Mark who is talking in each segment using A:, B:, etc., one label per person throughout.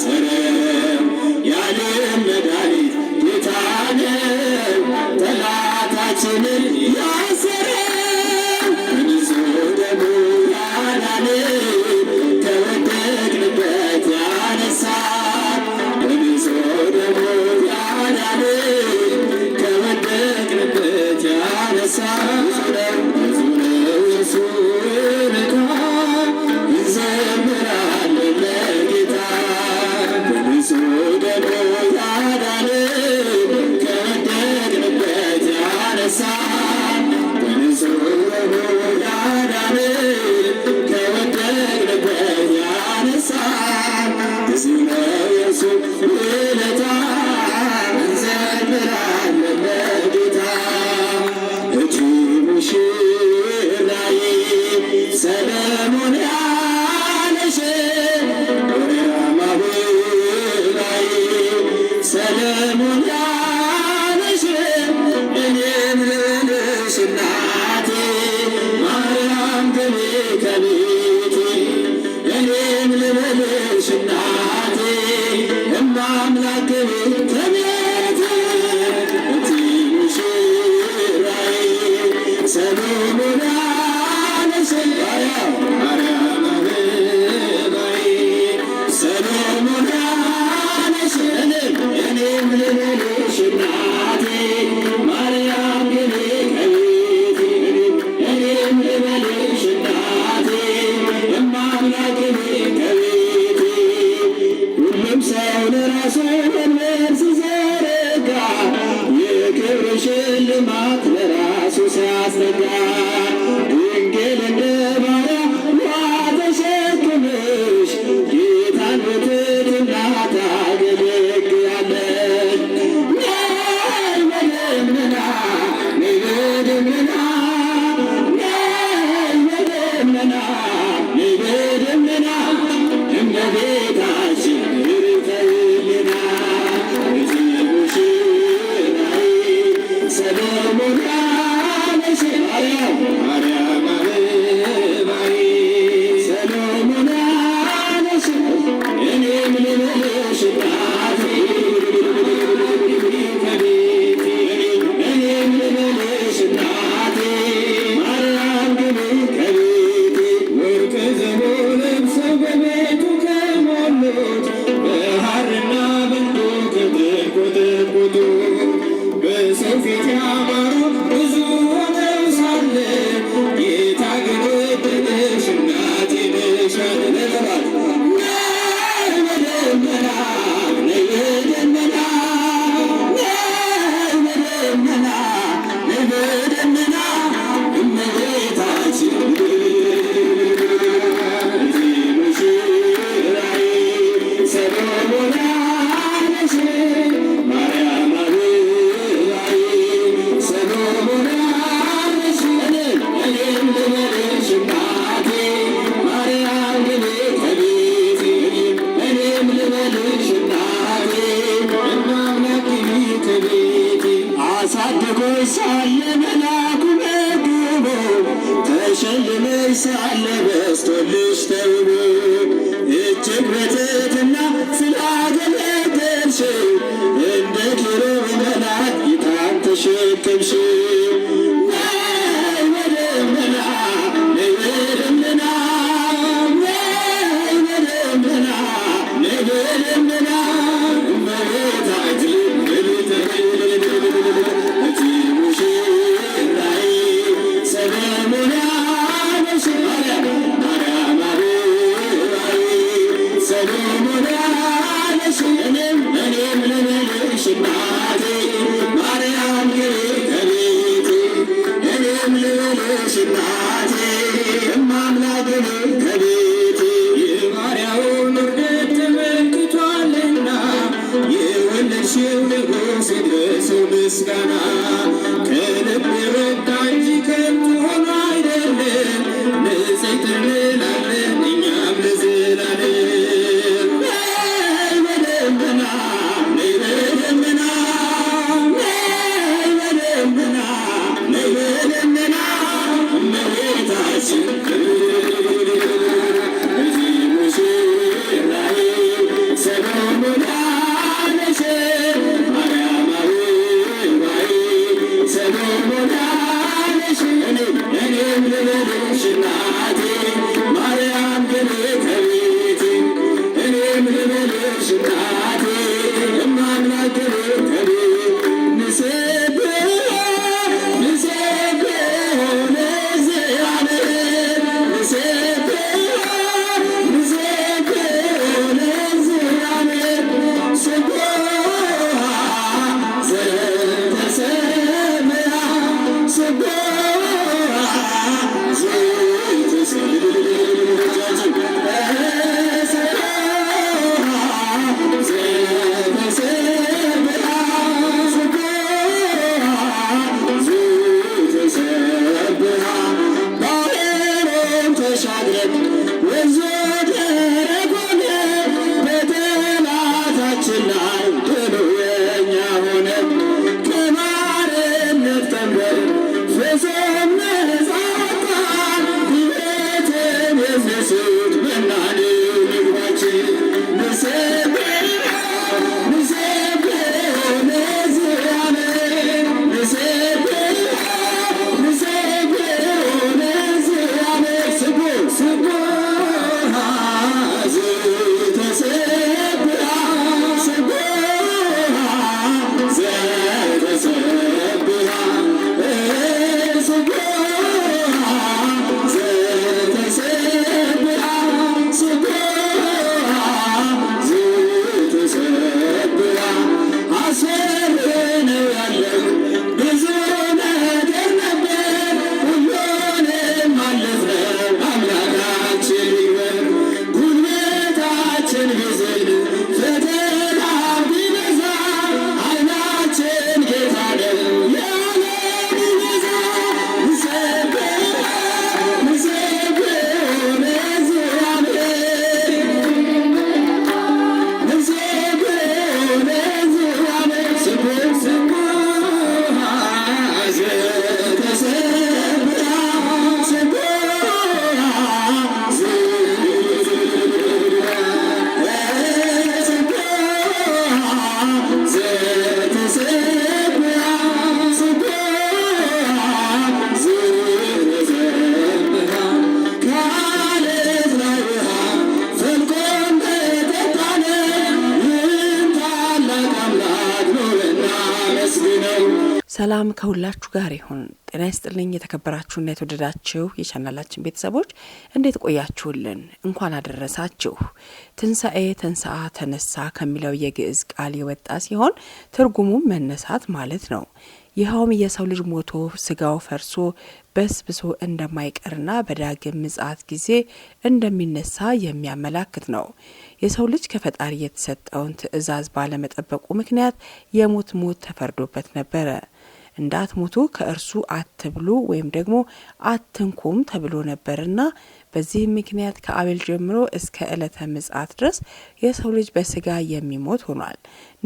A: ስም የዓለም መድኃኒት ጌታነ ጠላታችንን ያሰረ በንጹ ደሙ ያዳነን ከወደቅንበት ያነሳን በንጹ ደሙ ያዳነን ከወደቅንበት ያነሳን ትምልሽ እናቴ እማ አምላክ ተቤት ትንሽ ራይ ሰሎሞን ያነሰባያ ማርያም አበባይ ሰሎሞን ያነሰልም እኔም ልምልሽ እናቴ ማርያም ግቤ ከቤቴ እኔም ልበ Thank you. سليمنا I'm Vezir
B: ሰላም ከሁላችሁ ጋር ይሁን። ጤና ይስጥልኝ። የተከበራችሁና የተወደዳችሁ የቻናላችን ቤተሰቦች እንዴት ቆያችሁልን? እንኳን አደረሳችሁ። ትንሣኤ ተንስአ ተነሳ ከሚለው የግዕዝ ቃል የወጣ ሲሆን ትርጉሙም መነሳት ማለት ነው። ይኸውም የሰው ልጅ ሞቶ ስጋው ፈርሶ በስብሶ እንደማይቀርና በዳግም ምጽአት ጊዜ እንደሚነሳ የሚያመላክት ነው። የሰው ልጅ ከፈጣሪ የተሰጠውን ትእዛዝ ባለመጠበቁ ምክንያት የሞት ሞት ተፈርዶበት ነበረ። እንዳትሞቱ ከእርሱ አትብሉ ወይም ደግሞ አትንኩም ተብሎ ነበርና በዚህም ምክንያት ከአቤል ጀምሮ እስከ ዕለተ ምጽአት ድረስ የሰው ልጅ በስጋ የሚሞት ሆኗል።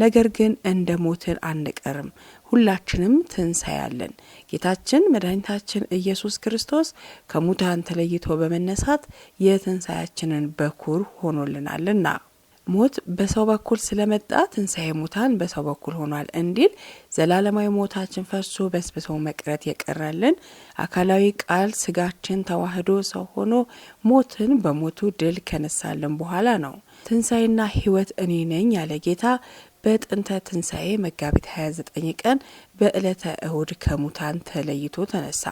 B: ነገር ግን እንደ ሞትን አንቀርም፣ ሁላችንም ትንሳያለን ጌታችን መድኃኒታችን ኢየሱስ ክርስቶስ ከሙታን ተለይቶ በመነሳት የትንሣኤያችንን በኩር ሆኖልናልና ሞት በሰው በኩል ስለመጣ ትንሣኤ ሙታን በሰው በኩል ሆኗል እንዲል ዘላለማዊ ሞታችን ፈርሶ በስብሶ መቅረት የቀረልን አካላዊ ቃል ስጋችን ተዋህዶ ሰው ሆኖ ሞትን በሞቱ ድል ከነሳልን በኋላ ነው። ትንሣኤና ሕይወት እኔ ነኝ ያለ ጌታ በጥንተ ትንሣኤ መጋቢት 29 ቀን በዕለተ እሁድ ከሙታን ተለይቶ ተነሳ።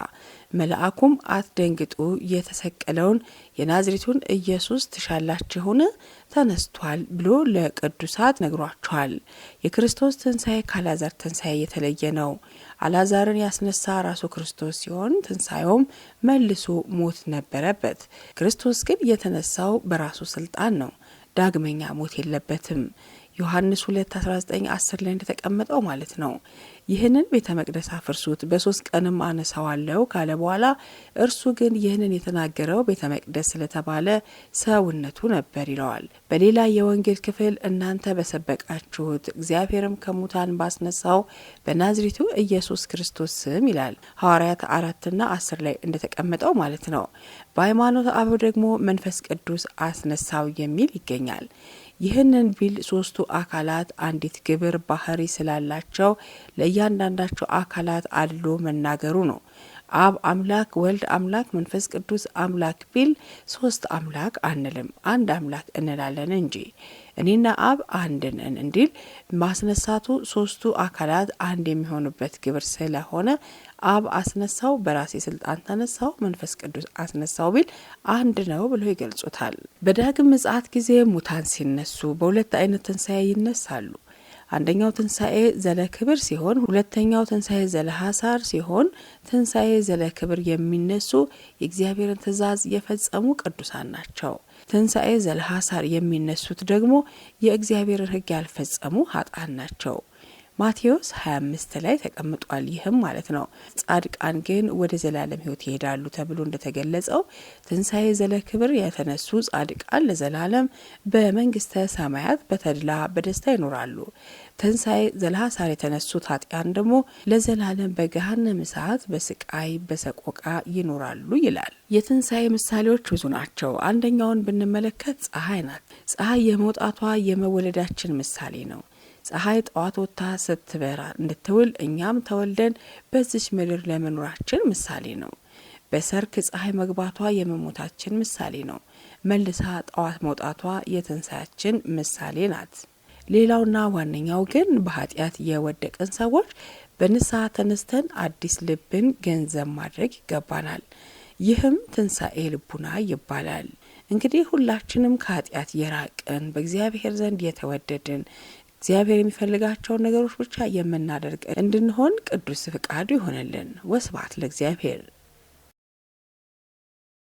B: መልአኩም አትደንግጡ፣ የተሰቀለውን የናዝሬቱን ኢየሱስ ትሻላችሁን? ተነስቷል ብሎ ለቅዱሳት ነግሯቸዋል። የክርስቶስ ትንሣኤ ከአላዛር ትንሣኤ የተለየ ነው። አላዛርን ያስነሳ ራሱ ክርስቶስ ሲሆን ትንሣኤውም መልሶ ሞት ነበረበት። ክርስቶስ ግን የተነሳው በራሱ ስልጣን ነው። ዳግመኛ ሞት የለበትም። ዮሐንስ 2 19 10 ላይ እንደተቀመጠው ማለት ነው። ይህንን ቤተ መቅደስ አፍርሱት በሶስት ቀንም አነሳዋለሁ ካለ በኋላ እርሱ ግን ይህንን የተናገረው ቤተ መቅደስ ስለተባለ ሰውነቱ ነበር ይለዋል። በሌላ የወንጌል ክፍል እናንተ በሰበቃችሁት እግዚአብሔርም ከሙታን ባስነሳው በናዝሪቱ ኢየሱስ ክርስቶስ ስም ይላል ሐዋርያት አራትና አስር ላይ እንደተቀመጠው ማለት ነው። በሃይማኖት አበው ደግሞ መንፈስ ቅዱስ አስነሳው የሚል ይገኛል። ይህንን ቢል ሶስቱ አካላት አንዲት ግብር ባህሪ ስላላቸው ለእያንዳንዳቸው አካላት አድሎ መናገሩ ነው። አብ አምላክ፣ ወልድ አምላክ፣ መንፈስ ቅዱስ አምላክ ቢል ሶስት አምላክ አንልም፣ አንድ አምላክ እንላለን እንጂ እኔና አብ አንድ ነን እንዲል ማስነሳቱ ሶስቱ አካላት አንድ የሚሆኑበት ግብር ስለሆነ አብ አስነሳው በራሴ ስልጣን ተነሳው መንፈስ ቅዱስ አስነሳው ቢል አንድ ነው ብሎ ይገልጹታል። በዳግም ምጽአት ጊዜ ሙታን ሲነሱ በሁለት አይነት ትንሣኤ ይነሳሉ። አንደኛው ትንሣኤ ዘለ ክብር ሲሆን ሁለተኛው ትንሣኤ ዘለ ሐሳር ሲሆን፣ ትንሣኤ ዘለ ክብር የሚነሱ የእግዚአብሔርን ትእዛዝ የፈጸሙ ቅዱሳን ናቸው። ትንሣኤ ዘለ ሐሳር የሚነሱት ደግሞ የእግዚአብሔርን ሕግ ያልፈጸሙ ሀጣን ናቸው። ማቴዎስ 25 ላይ ተቀምጧል። ይህም ማለት ነው ጻድቃን ግን ወደ ዘላለም ሕይወት ይሄዳሉ ተብሎ እንደተገለጸው ትንሣኤ ዘለ ክብር የተነሱ ጻድቃን ለዘላለም በመንግስተ ሰማያት በተድላ በደስታ ይኖራሉ። ትንሣኤ ዘለሐሳር የተነሱ ኃጢያን ደግሞ ለዘላለም በገሃነም እሳት በስቃይ በሰቆቃ ይኖራሉ ይላል። የትንሣኤ ምሳሌዎች ብዙ ናቸው። አንደኛውን ብንመለከት ፀሐይ ናት። ፀሐይ የመውጣቷ የመወለዳችን ምሳሌ ነው። ፀሐይ ጠዋት ወጥታ ስትበራ እንድትውል እኛም ተወልደን በዚች ምድር ለመኖራችን ምሳሌ ነው። በሰርክ ፀሐይ መግባቷ የመሞታችን ምሳሌ ነው። መልሳ ጠዋት መውጣቷ የትንሣያችን ምሳሌ ናት። ሌላውና ዋነኛው ግን በኃጢአት የወደቅን ሰዎች በንስሐ ተነስተን አዲስ ልብን ገንዘብ ማድረግ ይገባናል። ይህም ትንሣኤ ልቡና ይባላል። እንግዲህ ሁላችንም ከኃጢአት የራቅን በእግዚአብሔር ዘንድ የተወደድን እግዚአብሔር የሚፈልጋቸውን ነገሮች ብቻ የምናደርግ እንድንሆን ቅዱስ ፍቃዱ ይሆንልን። ወስብሐት ለእግዚአብሔር።